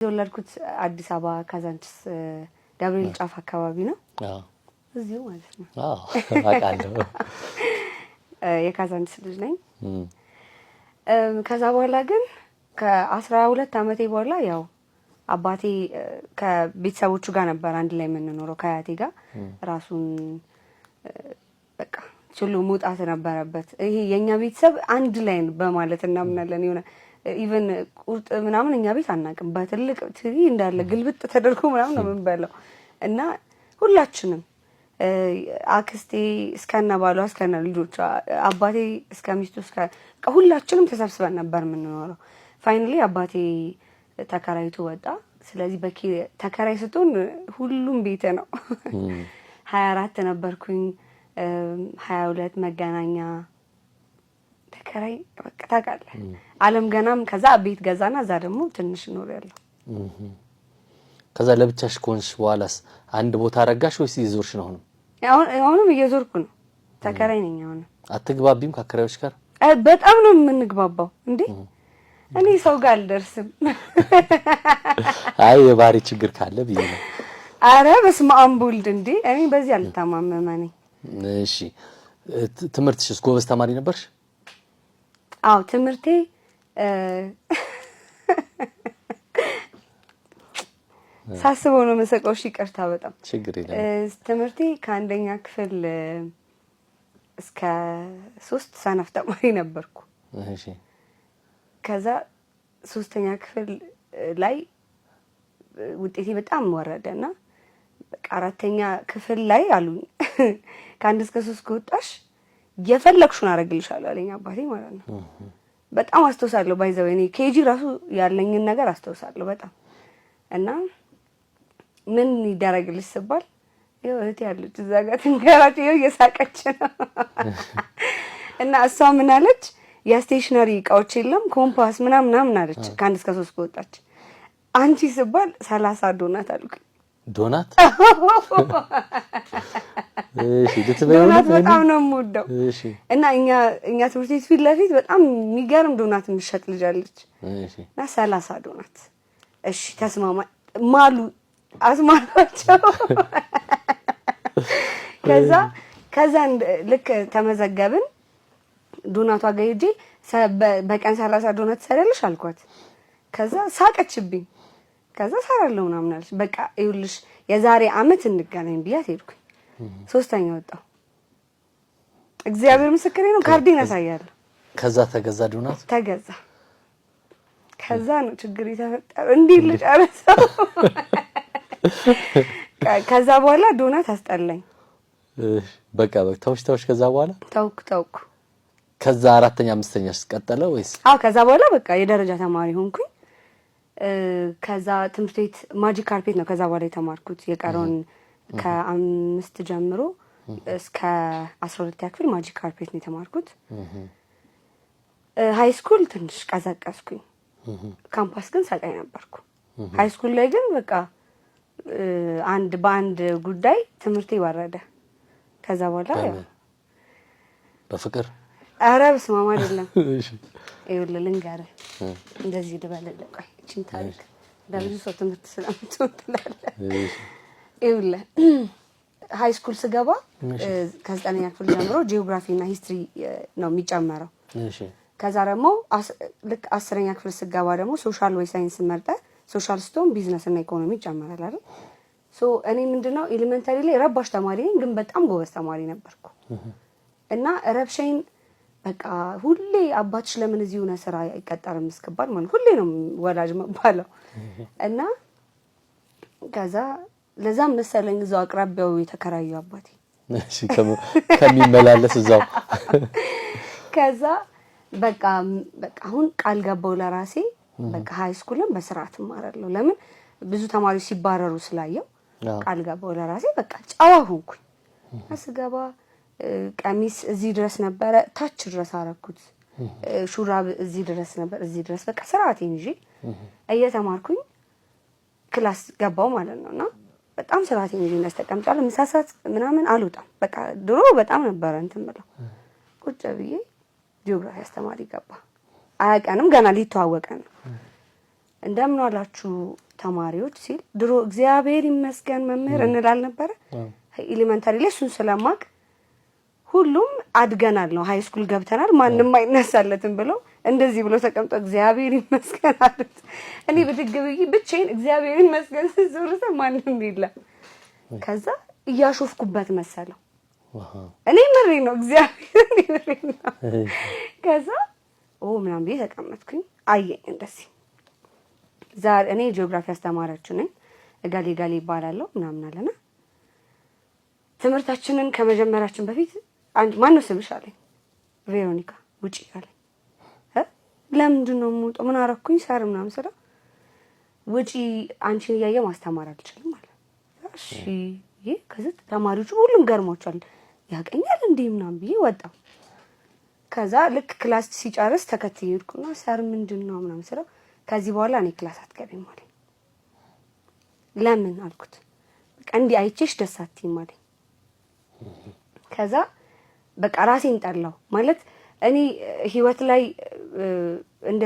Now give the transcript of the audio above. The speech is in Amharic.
የተወለድኩት አዲስ አበባ ካዛንችስ ዳብሬል ጫፍ አካባቢ ነው። እዚሁ ማለት ነው። አውቃለሁ። የካዛንችስ ልጅ ነኝ። ከዛ በኋላ ግን ከአስራ ሁለት አመቴ በኋላ ያው አባቴ ከቤተሰቦቹ ጋር ነበር አንድ ላይ የምንኖረው ከአያቴ ጋር ራሱን በቃ ችሎ መውጣት ነበረበት። ይሄ የእኛ ቤተሰብ አንድ ላይ በማለት እናምናለን የሆነ ኢቨን ቁርጥ ምናምን እኛ ቤት አናቅም በትልቅ ትሪ እንዳለ ግልብጥ ተደርጎ ምናምን ነው የምንበላው እና ሁላችንም አክስቴ እስከና ባሏ እስከና ልጆቿ አባቴ እስከ ሚስቱ እስከ ሁላችንም ተሰብስበን ነበር የምንኖረው። ፋይናሊ አባቴ ተከራይቶ ወጣ። ስለዚህ በኪ ተከራይ ስትሆን ሁሉም ቤት ነው። ሀያ አራት ነበርኩኝ ሀያ ሁለት መገናኛ ኪራይ በቃ ታውቃለህ፣ አለም ገናም ከዛ ቤት ገዛና እዛ ደግሞ ትንሽ ኖር ያለው ከዛ ለብቻሽ ከሆንሽ በኋላስ አንድ ቦታ አረጋሽ ወይስ እየዞርሽ ነው? አሁንም አሁንም እየዞርኩ ነው። ተከራይ ነኝ። አሁንም አትግባቢም ከአከራዮች ጋር? በጣም ነው የምንግባባው እንዴ እኔ ሰው ጋር አልደርስም። አይ የባህሪ ችግር ካለ ብዬ ነው። አረ በስመ አብ ወልድ እንዴ እኔ በዚህ አልተማመመ ነኝ። እሺ ትምህርትሽስ ጎበዝ ተማሪ ነበርሽ? አዎ ትምህርቴ ሳስበው ነው መሰቀው። እሺ ይቅርታ፣ በጣም ትምህርቴ ከአንደኛ ክፍል እስከ ሶስት ሰነፍ ተማሪ ነበርኩ። ከዛ ሶስተኛ ክፍል ላይ ውጤቴ በጣም ወረደ እና አራተኛ ክፍል ላይ አሉኝ ከአንድ እስከ ሶስት ከወጣሽ የፈለግሹን አደርግልሻለሁ አለኝ አባቴ ማለት ነው። በጣም አስተውሳለሁ። ባይዘው እኔ ኬጂ ራሱ ያለኝን ነገር አስተውሳለሁ በጣም እና ምን ይደረግልሽ ስባል ይኸው እህቴ ያለች እዛ ጋር ትንገራች፣ ይኸው እየሳቀች ነው። እና እሷ ምን አለች የስቴሽነሪ እቃዎች የለም ኮምፓስ ምናምን ምናምን አለች። ከአንድ እስከ ሶስት ከወጣች አንቺ ስባል ሰላሳ ዶናት አልኩኝ ዶናት ዶናት በጣም ነው የምወደው እና እኛ እኛ ትምህርት ቤት ፊት ለፊት በጣም የሚገርም ዶናት የምትሸጥ ልጅ አለች እና ሰላሳ ዶናት እሺ ተስማማ ማሉ አስማማቸው። ከዛ ከዛ ልክ ተመዘገብን ዶናቷ ጋር ሄጄ በቀን ሰላሳ ዶናት ትሰሪያለሽ አልኳት። ከዛ ሳቀችብኝ። ከዛ ሰራለሁ ምናምን አለች። በቃ ይኸውልሽ የዛሬ አመት እንገናኝ ብያት ሄድኩኝ። ሶስተኛ ወጣው እግዚአብሔር ምስክሬ ነው። ካርዴን አሳያለሁ። ከዛ ተገዛ ዱናት ተገዛ። ከዛ ነው ችግር የተፈጠረው። እንዲህ ልጨርሰው። ከዛ በኋላ ዶናት አስጠላኝ። በቃ በቃ ተውሽ ተውሽ። ከዛ በኋላ ተውኩ ተውኩ። ከዛ አራተኛ አምስተኛ ቀጠለ ወይስ? አዎ ከዛ በኋላ በቃ የደረጃ ተማሪ ሆንኩኝ። ከዛ ትምህርት ቤት ማጂክ ካርፔት ነው ከዛ በኋላ የተማርኩት የቀረውን ከአምስት ጀምሮ እስከ አስራ ሁለት ያክፍል ማጂክ ካርፔት ነው የተማርኩት። ሀይ ስኩል ትንሽ ቀዘቀዝኩኝ፣ ካምፓስ ግን ሰቃይ ነበርኩ። ሀይ ስኩል ላይ ግን በቃ አንድ በአንድ ጉዳይ ትምህርት ይወረደ። ከዛ በኋላ በፍቅር አረ በስመ አብ አይደለም። ይኸውልህ ልንገርህ፣ እንደዚህ ልበልልህ። ቆይ ይህቺን ታሪክ ለብዙ ሰው ትምህርት ስለምትሆን ትላለህ ይውለ ሀይ ስኩል ስገባ ከዘጠነኛ ክፍል ጀምሮ ጂኦግራፊ እና ሂስትሪ ነው የሚጨመረው። ከዛ ደግሞ ልክ አስረኛ ክፍል ስገባ ደግሞ ሶሻል ወይ ሳይንስ መርጠ ሶሻል ስቶም ቢዝነስ እና ኢኮኖሚ ይጨመራል አይደል? ሶ እኔ ምንድነው ኤሌመንተሪ ላይ ረባሽ ተማሪ ነኝ፣ ግን በጣም ጎበዝ ተማሪ ነበርኩ እና ረብሻይን በቃ ሁሌ አባትሽ ለምን እዚህ ሆነ ስራ አይቀጠርም እስክባል ማለት ሁሌ ነው ወላጅ መባለው እና ከዛ ለዛ መሰለኝ እዛው አቅራቢያው የተከራዩ አባቴ ከሚመላለስ እዛው። ከዛ በቃ በቃ አሁን ቃል ገባው ለራሴ በቃ ሀይ ስኩልም በስርዓት እማራለሁ። ለምን ብዙ ተማሪዎች ሲባረሩ ስላየው ቃል ገባው ለራሴ በቃ ጨዋ ሆንኩኝ። ስገባ ቀሚስ እዚህ ድረስ ነበረ፣ ታች ድረስ አረኩት። ሹራብ እዚህ ድረስ ነበር፣ እዚህ ድረስ በቃ ስርዓቴን ይዤ እየተማርኩኝ ክላስ ገባው ማለት ነውና በጣም ስርዓት እንጂነስ ተቀምጧል። ምሳ ሰዓት ምናምን አልወጣም። በቃ ድሮ በጣም ነበረ እንትን ብለው ቁጭ ብዬ ጂኦግራፊ አስተማሪ ገባ። አያውቀንም ገና ሊተዋወቀ። ነው። እንደምን አላችሁ ተማሪዎች ሲል ድሮ እግዚአብሔር ይመስገን መምህር እንላል ነበረ። ኤሌመንታሪ ላይ እሱን ስለማቅ ሁሉም አድገናል ነው ሀይ ስኩል ገብተናል ማንም አይነሳለትም ብለው እንደዚህ ብሎ ተቀምጦ እግዚአብሔር ይመስገን አሉት። እኔ ብድግ ብዬ ብቻዬን እግዚአብሔር ይመስገን ስዞርሰ ማንም የለ። ከዛ እያሾፍኩበት መሰለው። እኔ ምሬ ነው እግዚአብሔር ምሬ ነው። ከዛ ኦ ምናምን ብዬ ተቀመጥኩኝ። አየኝ እንደዚህ ዛሬ እኔ ጂኦግራፊ አስተማሪያችሁ ነኝ። እጋሌ ጋሌ ይባላለሁ ምናምን አለና ትምህርታችንን ከመጀመራችን በፊት ማን ነው ስምሽ አለኝ። ቬሮኒካ ውጪ አለኝ። ለምንድን ነው የምወጣው? ምን አረኩኝ? ሰር ምናምን ስለው ውጪ አንቺን እያየ ማስተማር አልችልም አለ። እሺ ይሄ ከዚህ ተማሪዎቹ ሁሉም ገርሟቸዋል። ያቀኛል እንዲህ ምናምን ብዬ ወጣ። ከዛ ልክ ክላስ ሲጨርስ ተከትዬ ሄድኩና ሰር ምንድን ነው ምናምን ስለው ከዚህ በኋላ እኔ ክላስ አትገቢም አለኝ። ለምን አልኩት። በቃ እንዲህ አይቼሽ ደስ አትይም አለኝ። ከዛ በቃ ራሴን ጠላው ማለት እኔ ህይወት ላይ እንደ